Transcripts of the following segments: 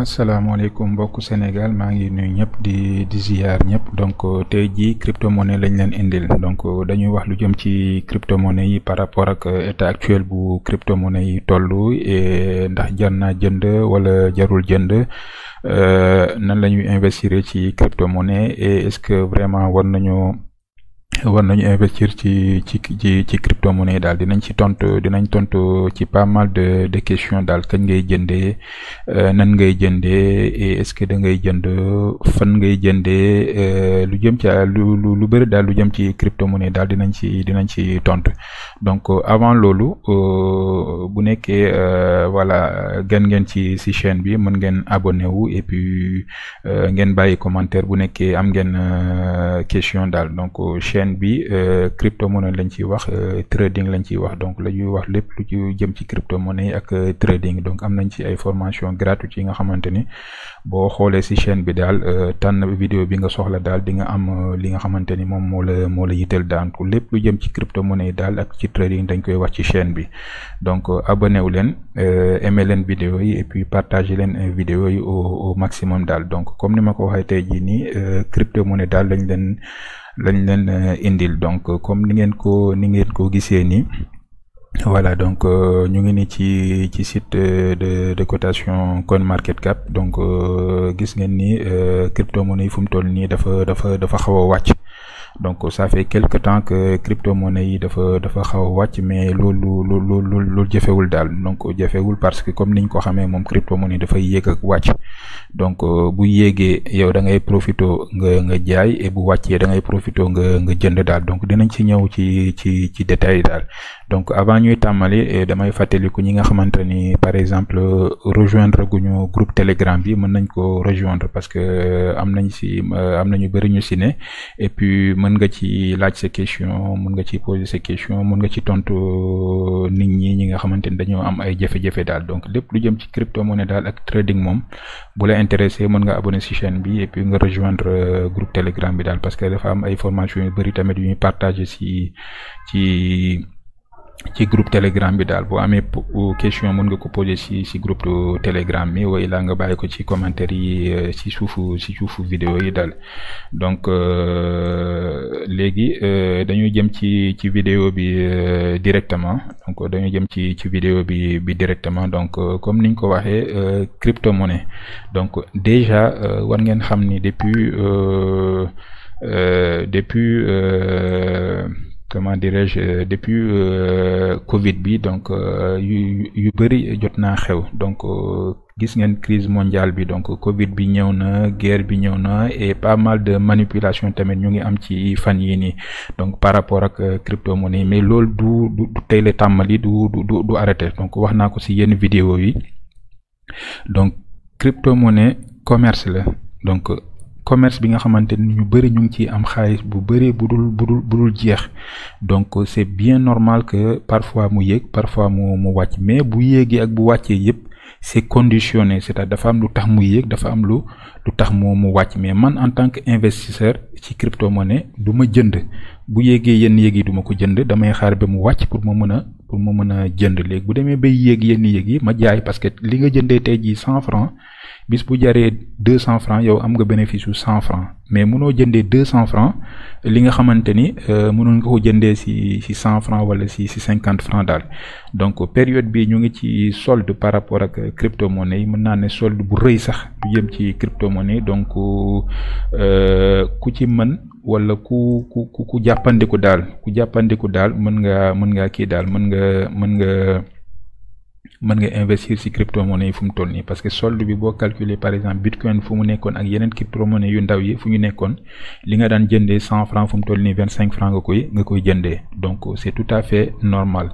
asalaamaaleykum mbokku Sénégal maa ngi nuyu ñëpp di di ziar ñëpp donc euh, te jii cryptomonnaie lañ leen indil donc euh, dañuy wax lu jëm ci cryptomonnaie yi par rapport ak euh, état actuel bu cryptomonnaie yi toll e ndax jar naa jënd wala jarul jënd nan la ñuy investir ci cryptomonnaie et est-ce que vraiment war nañoo. war nañu investir ci ci ci ci cryptomonnaie daal dinañ ci tontu dinañ tontu ci pas mal de de daal kañ ngay jëndee euh, nan ngay jëndee et est-ce que da ngay jënd fan ngay jëndee euh, lu jëm ci lu lu bëri daal lu jëm ci cryptomonnaie daal dinañ ci dinañ ci tontu donc avant loolu euh, bu nekkee voilà gen ngeen ci si chaîne bi mën ngeen abonné wu et puis ngeen bàyyi commentaire bu nekkee am ngeen question daal donc. chaîne bi euh, crypto monnaie lañ wax euh, trading lañ ciy wax donc la ñuy wax lépp lu ci jëm ci crypto monnaie ak euh, trading donc am nañ ci ay formation gratuite yi nga xamante ni boo xoolee si chaîne bi daal tànn vidéo bi nga soxla daal di nga am li nga xamante ni moom moo la moo la yitteel daan ko lépp lu jëm ci crypto yi daal ak ci trading dañ koy wax ci chaîne bi donc abonné leen aimé leen vidéo yi et puis partagé leen vidéo yi au maximum daal donc comme ni ma ko waxee tey jii nii crypto monnaie daal lañ leen. lañ leen eh, indil donc euh, comme ni ngeen ko ni ngeen ko gisee nii voilà donc euh, ñu ngi nii ci ci site euh, de de cotation CoinMarketCap donc gis ngeen ni crypto monnaie fu mu toll nii dafa dafa dafa xaw a wàcc. donc ça fait quelque temps que crypto yi dafa dafa xaw a wàcc mais loolu loolu loolu loolu jafewul daal donc jafewul parce que comme niñ ko xamee moom crypto monnaie dafa yéeg ak wàcc donc bu yéegee yow da ngay profito nga nga jaay e bu wàccee da ngay profito nga nga jënd daal donc dinañ ci ñëw ci ci ci détail daal donc avant ñuy tàmmali eh, damay fàttaliku ñi nga xamante ni par exemple rejoindre guñu groupe Telegram bi mën nañ ko rejoindre parce que euh, am nañ si euh, am nañu bëri ñu si ne et mën nga ci laaj sa question mën nga ci poser sa question mën nga ci tontu euh, nit ñi ñi nga xamante ni dañoo am ay jafe-jafe daal donc lépp lu jëm ci crypto monnaie daal ak trading moom bu la intéressé mën nga abonné si chaîne bi et puis nga rejoindre euh, groupe telegram bi daal parce que dafa am ay formation yu bëri tamit yu ñuy partager si ci ci groupe telegram bi daal boo amee question mën nga ko poser si si groupe telegram bi way laa nga bàyyi ko ci commentaire yi euh, si suufu si suufu vidéo yi daal donc euh, léegi euh, dañu jëm ci ci vidéo bi directement donc dañu jëm ci ci vidéo bi bi directement donc comme niñ ko waxee crypto monnaie donc déjà war ngeen xam ni depuis depuis comment dirais-je euh, depuis euh, Covid bi donc euh, yu yu bëri jot naa xew donc gis ngeen crise mondiale bi donc Covid bi ñëw na guerre bi ñëw na et pas mal de manipulation tamit ñu ngi am ci fan yii nii donc par rapport ak crypto monnaie mais loolu du du du tàmbali du du du du donc wax naa ko ci yenn vidéo yi donc crypto commerce la donc. commerce bi nga xamante ni ñu bëri ñu ngi ciy am xaalis bu bëri bu dul bu dul bu dul jeex donc c'est bien normal que parfois mu yéeg parfois mu mu wàcc mais bu yéegee ak bu wàccee yëpp c'est conditionné cest à dafa am lu tax mu yéeg dafa am lu lu tax mu mu wàcc mais man en tant que investisseur ci crypto-monnaie du ma jënd bu yéegee yenn yéeg yi duma ko jënd damay xaar ba mu wàcc pour ma mën a pour ma mën a jënd léegi bu demee bay yéeg yenn yéeg yi ma jaay parce que li nga jëndee tey jii cent francs bis bu jaree deux cent franc yow am nga bénéfice yu cent franc mais mënoo jëndee deux cent franc li nga xamante ni euh, mënoon nga ko jëndee si si cent franc wala si si cinquante franc daal donc période bi ñu ngi ci solde par rapport ak crypto monnaie yi mën naa ne solde bu rëy sax bu jëm ci crypto monnaie donc euh, ku ci mën wala ku ku ku jàppandiku daal ku jàppandiku daal mën nga mën ngaa kii daal mën nga mën nga. mën nga investir ci crypto yi fu mu toll nii parce que solde bi boo calculer par exemple bitcoin fu mu nekkoon ak yeneen crypto monnaie yu ndaw yi fu ñu nekkoon li nga daan jëndee cent franc fu mu toll nii vingt cinq franc nga koy nga koy jëndee donc c'est tout à fait normal.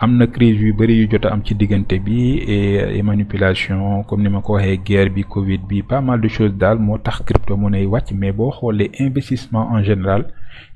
am na crise yu bëri yu jot am ci diggante bi et manipulation comme ni ma ko waxee guerre bi Covid bi pas mal de choses daal moo tax crypto monnaie yi wàcc mais boo xoolee investissement en général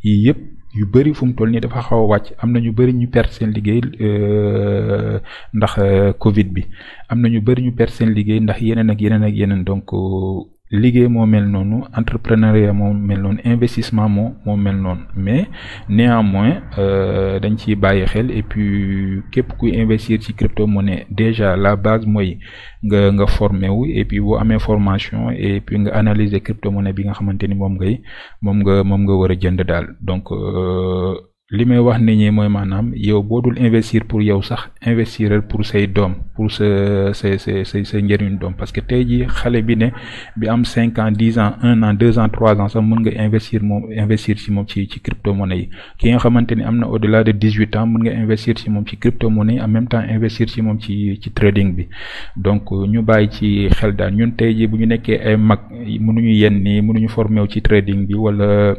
yii yëpp. yu bëri fu mu toll nii dafa xaw a wàcc am na ñu bëri ñu perte seen liggéey euh, ndax euh, Covid bi am na ñu bëri ñu perte seen liggéey ndax yeneen ak yeneen ak yeneen donc euh, liggéey moo mel noonu entrepreneuriat moo mel noonu investissement moo moo mel noonu mais néanmoins euh, dañ ci bàyyi xel et puis képp kuy investir ci crypto monnaie déjà la base mooy nga nga formé wu et puis boo amee formation et puis nga analyser crypto monnaie bi nga xamante ni moom ngay moom nga moom nga war a jënd daal donc. Euh, li may wax nit ñi mooy maanaam yow boo dul investir pour yow sax investir pour say doom pour sa sa sa doom parce que tey ji xale bi ne bi am cinq ans dix ans un an deux ans trois ans sax mën nga investir moom investir ci moom ci ci crypto monnaie yi ki nga xamante ni am na au delà de dix huit ans mën nga investir ci moom ci crypto monnaie yi en même temps investir ci moom ci ci trading bi donc ñu bàyyi ci xel daal ñun tey jii bu ñu nekkee ay mag mënuñu yenn nii mënuñu formé wu ci trading bi wala.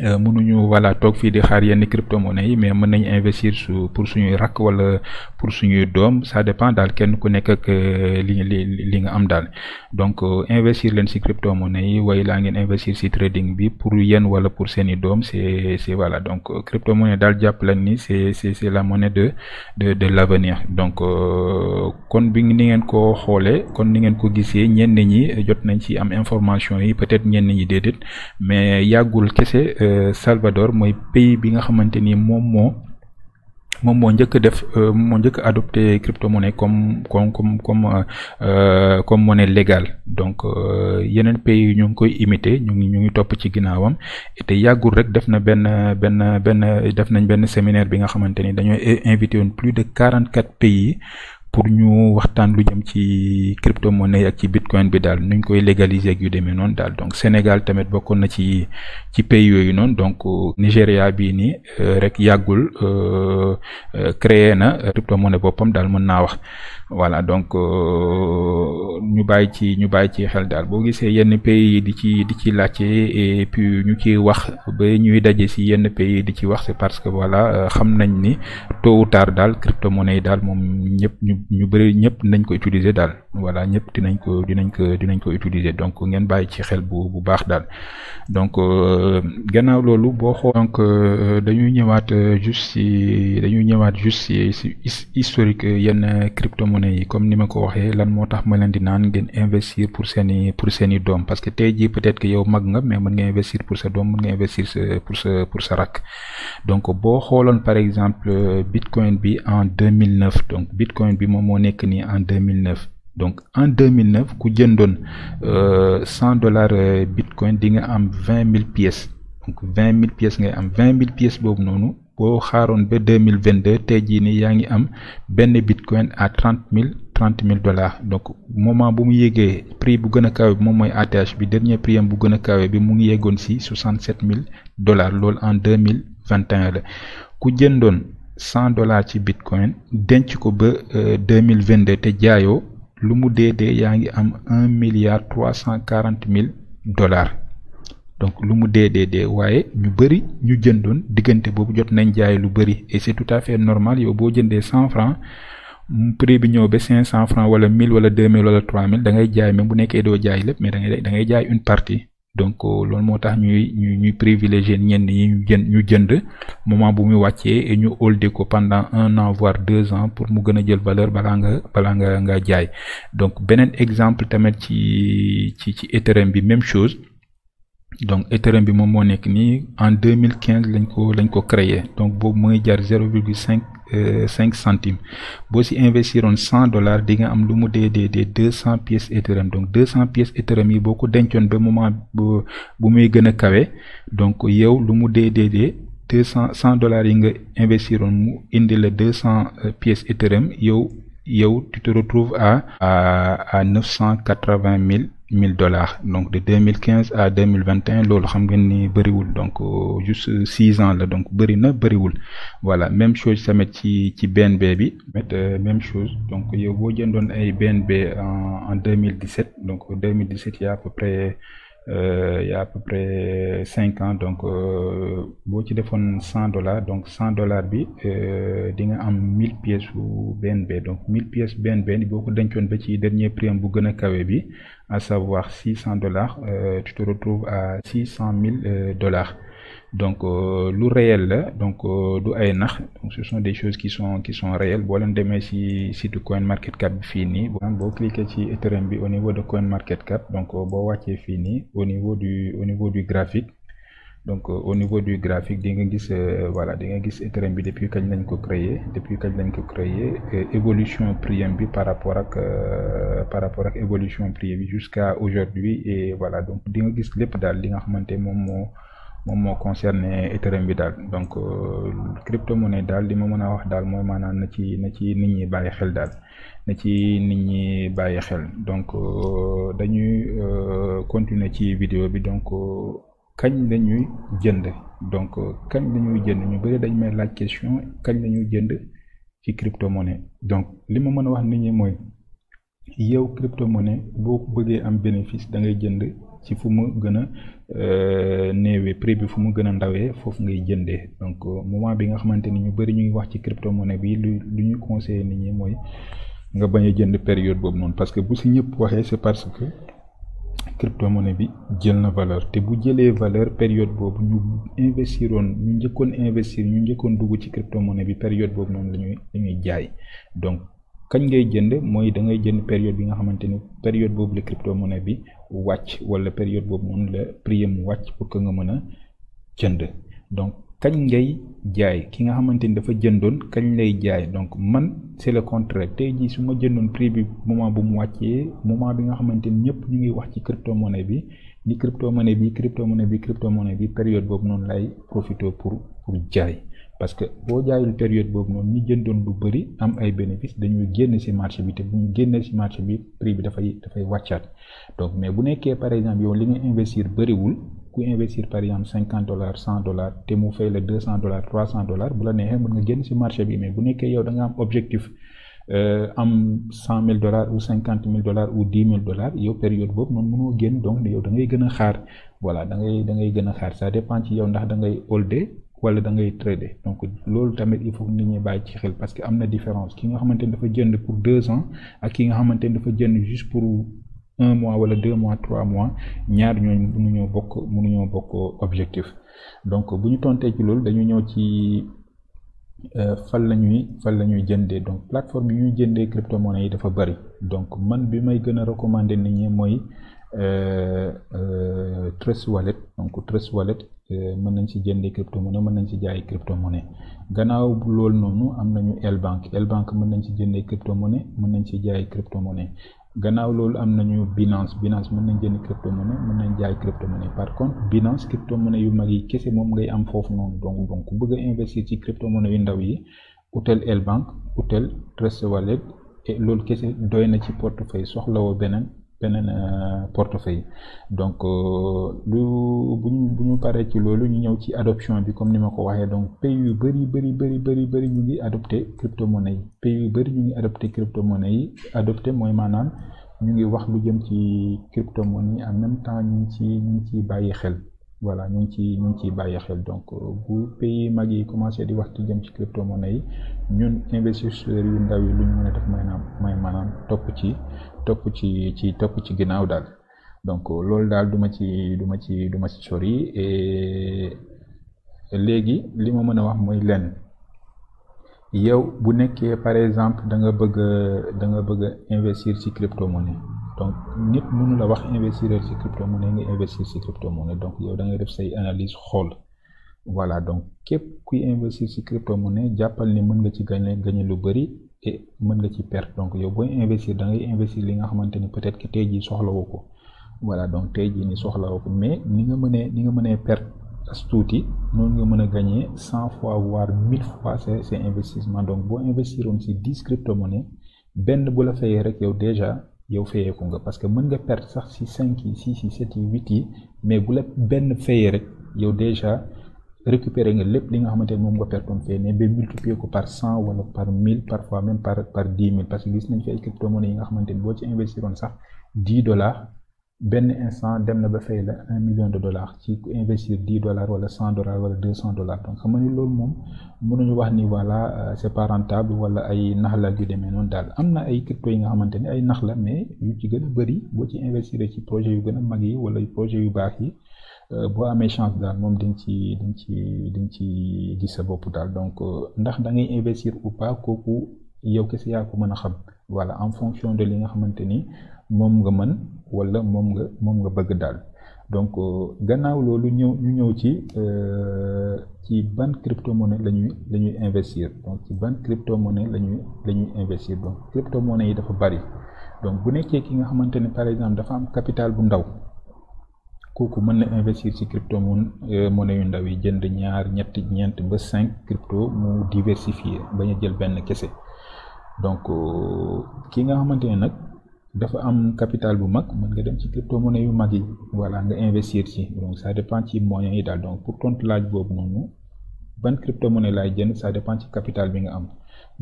Euh, mënuñu voilà toog fii di xaar yenn cryptomonnaie yi mais mën nañ investir su pour suñuy rakk wala pour suñuy doom sa dépend daal kenn ku nekk ak euh, li li li nga am daal donc euh, investir leen si cryptomonnaie yi waaye laa ngeen investir si trading bi pour yéen wala pour seeni doom c'est c'est voilà donc cryptomonnaie daal jàpp ni c'est c'est la monnaie de de de l'avenir donc kon bi ni ngeen ko xoolee kon ni ngeen ko gisee ñenn ñi jot nañ ci am information yi peut-être ñenn ñi déedéet mais yàggul kese. Euh, Salvador mooy pays bi nga xamante ni moom moo moom moo njëkk def euh, moo njëkk adopté cryptomonnaie comme comme comme comme euh, comme monnaie légale donc yeneen pays yu ñu ngi koy imité ñu ngi ñu ngi topp ci ginnaawam te yàggul rek def na benn benn benn def nañ benn séminaire bi nga xamante ni dañoo invité yoon plus de quarante quatre pays pour ñu waxtaan lu jëm ci crypto yi ak ci bitcoin bi daal nuñ koy légaliser ak yu demee noonu daal donc Sénégal tamit bokkoon na ci ci pays yooyu noonu donc Nigéria bii nii euh, rek yàggul euh, euh, créer na crypto boppam daal mën naa wax voilà donc ñu bàyyi ci ñu bàyyi ci xel daal boo gisee yenn pays yi di ci di ci laajte et puis ñu ci wax ba ñuy daje si yenn pays di ci wax c'est parce que wala xam nañ ni tôt ou tard daal crypto monnaie yi daal moom ñëpp ñu ñu bëri ñëpp dinañ ko utiliser daal voilà ñëpp dinañ ko dinañ ko dinañ ko utiliser donc ngeen bàyyi ci xel bu bu baax daal donc euh, gannaaw loolu boo xoo donc euh, euh, dañuy ñëwaat juste si dañuy ñëwaat juste si si historique yenn crypto comme ni ma ko waxee lan moo tax ma leen di naan ngeen pour seeni pour seeni doom parce que tey jii peut-être que yow mag nga mais mën nga investir pour sa doom mën nga investir pour sa pour sa boo xooloon par exemple bitcoin bi en 2009 donc bitcoin bi moom moo nekk nii en 2009 donc en 2009 ku jëndoon euh, cent dollars euh, bitcoin di nga am vingt mille pièces donc vingt mille pièces ngay am vingt mille pièces boobu noonu boo xaaroon ba deux mille vingt deux tey jii nii yaa ngi am benn bitcoin à trente mille trente mille dollars donc moment bu mu yéegee prix bu gën a kawe bi moom mooy ATH bi dernier prix bu gën a kawe bi mu ngi yéegoon si soixante sept mille dollars loolu en deux mille vingt et un la ku jëndoon. cent dollars ci bitcoin denc ko ba euh, deux mille vingt deux te jaayoo lu mu dee dee yaa ngi am un milliard trois cent quarante mille dollars donc lu mu dee dee dee waaye ñu bëri ñu jëndoon diggante boobu jot nañ jaay lu bëri et c'est tout à fait normal yow boo jëndee cent francs prix bi ñëw ba cinq cent francs wala mille wala deux mille trois mille da jaay même bu nekkee doo jaay lépp mais da ngay jaay une partie. donc euh, loolu moo tax ñuy ñuy ñuy privilégier ñenn ñi ñu jënd ñu jënd moment bu muy wàccee et ñu holder ko pendant un an voire deux ans pour mu gën a jël valeur balaa nga balaa nga jaay donc beneen exemple tamit ci ci ci Ethereum bi même chose. donc Ethereum bi moom moo nekk nii en deux mille quinze lañ ko lañ ko créé donc boobu mooy jar zéro virgule cinq euh, cinq centimes boo si investiroon cent dollars di nga am lu mu dee dee dee deux cent pièces Ethereum donc deux cent pièces Ethereum yi boo ko moment bu bu muy gën a kawe donc yow lu mu dee dee dee deux cent cent dollars yi nga investiroon mu indi la deux cent euh, pièces Ethereum yow yow tu te retrouves à à à cent quatre-vingt mille mille dollars donc de deux mille quinze à deux mille vingt et un loolu xam ngeen ni bëriwul donc euh, juste six ans la donc bëri na bëriwul voilà même chose tamit ci ci BNB bi tamit euh, même chose donc yow boo jëndoon ay BNB en en deux mille dix sept donc deux mille dix sept y a à Euh, il y a à peu près cinq ans donc euh, boo ci defoon cent dollars donc cent dollars bi euh, di nga am mille pièces benn BNB donc mille pièces BNB ni boo ko dencoon ba ci dernier prix am bu gën a kawe bi à savoir six cent dollars tu te retrouves à six cent mille dollars donc euh, lu réel la donc euh, du ay nax donc ce sont des choses qui sont qui sont réelles boo leen demee ci site coin market cap bi fii nii boo cliquer ci Ethereum bi au niveau de coin market cap donc euh, boo wàccee fii nii au niveau du au niveau du graphique donc au niveau du graphique di nga gis voilà di nga gis Ethereum bi depuis kañ lañ ko créer depuis kañ lañ ko créer évolution prix bi par rapport ak par rapport ak évolution prix bi jusqu'à aujourd'hui et voilà donc di nga gis lépp daal li nga xamante moom moo moom moo concerné Ethereum bi daal donc euh, crypto monnaie daal li ma mën a wax daal moom maanaam na ci na ci nit ñi bàyyi xel daal na ci nit ñi bàyyi xel donc euh, dañuy euh, continuer ci vidéo bi donc kañ lañuy jënd donc kañ lañuy jënd ñu bëri dañ may laaj question kañ lañuy jënd ci crypto monnaie donc li ma mën a wax nit ñi mooy yow cryptomonnaie boo ko bëggee am bénéfice da ngay jënd ci fu ma gën a euh, néewee prix bi fu mu gën a ndawee foofu ngay jëndee donc euh, moment bi nga xamante ni ñu bëri ñuy wax ci cryptomonnaie bi lu lu ñu conseillé nit ñi mooy nga bañ a jënd période boobu noonu parce que bu si ñëpp waxee c'est parce que cryptomonnaie bi jël na valeur te bu jëlee valeur période boobu ñu investiroon ñu njëkkoon investir ñu njëkkoon dugg ci cryptomonnaie bi période boobu noonu la ñuy la ñuy jaay donc kañ ngay jënd mooy da ngay jënd période bi nga xamante ni période boobu la cryptomonnaie bi wàcc wala période boobu moom la prix mu wàcc pour que nga mën a jënd donc kañ ngay jaay ki nga xamante ni dafa jëndoon kañ lay jaay donc man c'est le contraire tey jii su ma jëndoon prix bi moment bu mu wàccee moment bi nga xamante ni ñëpp ñu ngi wax ci cryptomonnaie bi ni cryptomonnaie bi cryptomonnaie bi cryptomonnaie bi période boobu noonu lay profité pour pour jaay parce que boo jaayul période boobu noonu ñi jëndoon lu bëri am ay bénéfice dañuy génn ci marché bi te bu ñu génnee ci marché bi prix bi dafay dafay wàccaat donc mais bu nekkee par exemple yow li nga investir bëriwul ku investir par exemple cinquante dollars cent dollars te mu fay la deux cent dollars trois cent dollars bu la neexee mën nga génn ci marché bi mais bu nekkee yow da nga am objectif euh, am mille dollars ou cinquante mille dollars ou dix mille dollars yow période boobu noonu mënoo génn donc yow da gën a xaar voilà da da ngay gën a xaar ça ci yow ndax da ngay holder wala dangay ngay donc loolu tamit il faut nit ñi bàyyi ci xel parce que am na différence ki nga xamante ni dafa jënd pour deux ans ak ki nga xamante ni dafa jënd juste pour un mois wala deux mois trois mois ñaar ñooñu mënuñoo bokk mënuñoo bokk objectif donc bu ñu tontee ci loolu dañu ñëw ci euh, fan la ñuy fan la ñuy jëndee donc plateforme yi ñuy jëndee crypto yi dafa bëri donc man bi may gën a recommander nit ñi mooy Euh, euh, Trust Wallet donc Trust Wallet euh, mën nañ ci jëndee crypto monnaie mën nañ ci jaay crypto monnaie gannaaw loolu noonu am nañu L-Bank L-Bank mën nañ ci jëndee crypto monnaie mën nañ ci jaay crypto monnaie gannaaw loolu am nañu Binance Binance mën nañ jënd crypto monnaie mën nañ jaay crypto monnaie par contre Binance crypto monnaie yu mag yi kese moom ngay am foofu noonu donc donc ku bëgg investir ci crypto monnaie yu ndaw yi utel L-Bank utel Trust Wallet loolu kese doy na ci portefeuille soxlawoo beneen. beneen euh, portefeuille donc euh, lu bu ñu bu paree ci loolu ñu ñëw ci adoption bi comme ni ma ko waxee donc pays yu bëri bëri bëri bëri bëri ñu ngi adopté cryptomonnaie yi pays yu bëri ñu ngi adopté cryptomonnaie yi adopté mooy maanaam ñu ngi wax lu jëm ci cryptomonnaie en même temps ñu ngi ci ciy bàyyi xel voilà ñu ngi ci ñu ngi ciy bàyyi xel donc euh, bu pays mag yi commencé di wax ci jëm ci cryptomonnaie yi ñun investisseurs yu ndaw yi lu ñu mën a def mooy naam mooy topp ci topp ci ci topp ci ginnaaw daal donc loolu daal duma ci duma ci duma ci sori et léegi li ma mën a wax mooy lenn yow bu nekkee par exemple danga nga bëgg da nga bëgg a investir ci crypto-monnaie donc nit mënu la wax investir ci crypto-monnaie nga investir ci crypto-monnaie donc yow da ngay def say analyse xool voilà donc képp kuy investir ci crypto-monnaie jàppal ni mën nga ci gagner gagner lu bari et mën nga ci perte donc yow booy investir da ngay investir li nga xamante ni peut que tey jii soxlawoo ko voilà donc tey jii ni soxlawoo ko mais ni nga mënee ni nga mënee perte as tuuti noonu nga mën a gagner cent fois voire mille fois ces ces investissements donc boo investiroon ci dix cryptomonnaies benn bu la fayee rek yow déjà yow fayeeku nga parce que mën nga perte sax ci cinq yi six yi sept yi huit yi mais bu la benn fayee rek yow déjà récupérer nga lépp li nga xamante ne moom nga pertoon fee mais ba multiplier ko par cent wala par mille parfois même par par dix mille parce que gis nañ dem na ba fay la un million de dollars ci investir dix dollars wala cent dollars wala deux cent dollars donc xam nga ni loolu moom mënuñu wax ni voilà euh, c'est pas rentable wala ay nax la yu demee noonu daal am na ay crypto yi nga xamante ni ay nax la mais yu ci gën a bëri boo ci investir ci projet yu gën a mag yi wala projet yu baax yi. Euh, boo amee chance daal moom di nga ci di nga ci di nga ci sa bopp daal donc euh, ndax da ngay investir ou pas kooku yow kese yaa ko mën a xam voilà en fonction de li nga xamante ni moom nga mën wala moom nga moom nga bëgg daal donc euh, gannaaw loolu ñëw ñu ñëw ci ci ban cryptomonnaie la ñuy la investir donc ci ban cryptomonnaie la ñuy la ñuy investir donc cryptomonnaie yi dafa bari donc bu nekkee ki nga xamante ni par exemple dafa am capital bu ndaw. kooku mën na investir ci crypto euh, monnaie yu ndaw yi jënd ñaar ñetti ñeent ba cinq crypto mu diversifier bañ a jël benn kese donc euh, ki nga xamante ne nag dafa am capital bu mag mën nga dem ci crypto monnaie yu mag yi voilà nga investir ci donc ça dépend ci moyens yi daal donc pour tontu laaj boobu noonu ban crypto monnaie laay jënd ça dépend ci capital bi nga am.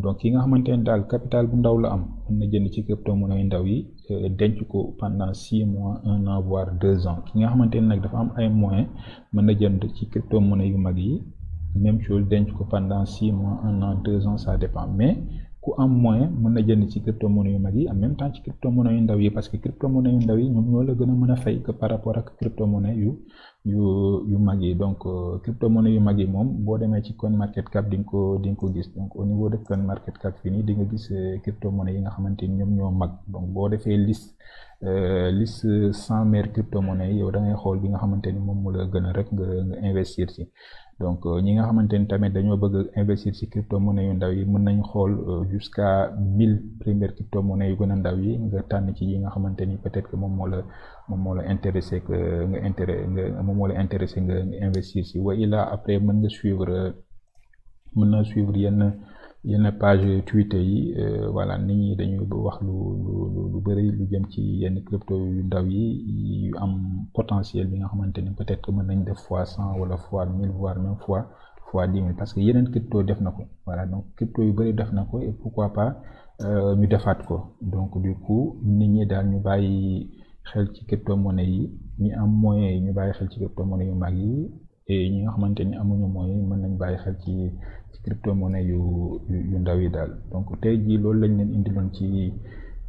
donc ki nga xamante ne daal capital bu ndaw la am mën na jënd ci crypto yu ndaw yi euh, denc ko pendant six mois un an voire deux ans ki nga xamante ne nag dafa am ay moyens mën na jënd ci crypto yu mag yi même chose denc pendant six mois un an deux ans ça am ci crypto monnaie yu mag yi même temps ci crypto yu ndaw yi parce que crypto monnaie yu ndaw yi ñoo la gën a mën a fay par rapport ak crypto monnaie yu yu yu mag yi donc euh, crypto monnaie yu mag yi moom boo demee ci coin market cap di nga ko di nga ko gis donc au niveau de coin market cap fii nii di nga gis euh, crypto monnaie yi nga xamante ni ñoom ñoo mag donc boo defee liste euh, liste cent meilleures crypto monnaie yi yow da ngay xool bi nga xamante ni moom moo la gën a rek nga nga investir ci donc ñi nga xamante ni tamit dañoo bëgg investir ci crypto monnaie yu ndaw yi mën nañ xool jusqu'à mille premières crypto monnaie yu gën a ndaw yi nga tànn ci yi nga xamante ni peut moom moo la moom moo la intéressé que nga intérêt nga moom intéressé nga investir si wa illa après mën nga suivre mën na suivre yenn yenn page Twitter yi euh, voilà nit ñi dañuy wax lu lu lu bëri lu jëm ci yenn crypto yu ndaw yi yu am potentiel bi nga xamante ni peut mën nañ def fois cent wala fois mille voire même fois fois dix parce que yeneen crypto def na ko voilà donc crypto yu bëri def na ko et pourquoi pas euh, ñu defaat ko donc du coup nit ñi daal ñu bàyyi. xel ci cryptomonnaie yi ñi am moyens ñu bàyyi xel ci cryptomonnaie yu mag yi et ñi nga xamante ni amuñu moyens yi mën nañ bàyyi xel ci ci cryptomonnaie yu yu ndaw yi daal donc tey jii loolu lañ leen indiloon ci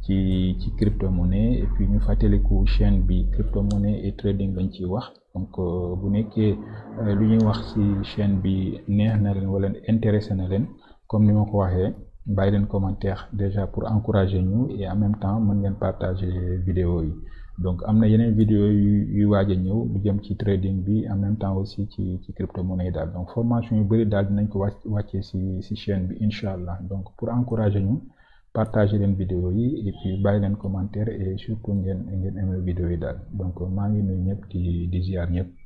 ci ci cryptomonnaie et puis ñu fàttaliku chaîne bi cryptomonnaie et trading lañ ciy wax donc euh, bu nekkee euh, lu ñuy wax ci chaine bi neex na leen wala intéressé na leen comme ni ma ko waxee bàyyi leen commentaire déjà pour encourager ñu et en même temps mën ngeen partager vidéo yi donc am na yeneen vidéo yu yu waaj a ñëw lu jëm ci trading bi en même temps aussi ci ci crypto monnaie yi daal donc formation yu bëri daal dinañ ko wàccee si si bi incha allah donc pour encourager ñu partager leen vidéo yi et puis bàyyi leen commentaire et surtout ngeen ngeen aimé vidéo yi daal donc maa ngi nuyu ñëpp di di ziar ñëpp.